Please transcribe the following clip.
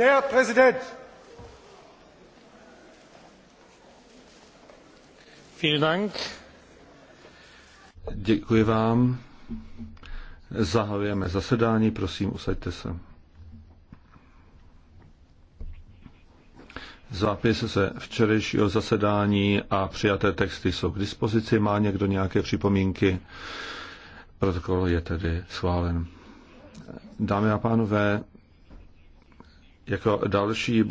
Der Präsident. Vielen Dank. Děkuji vám. Zahajujeme zasedání, prosím, usaďte se. Zápis se včerejšího zasedání a přijaté texty jsou k dispozici. Má někdo nějaké připomínky? Protokol je tedy schválen. Dámy a pánové, jako další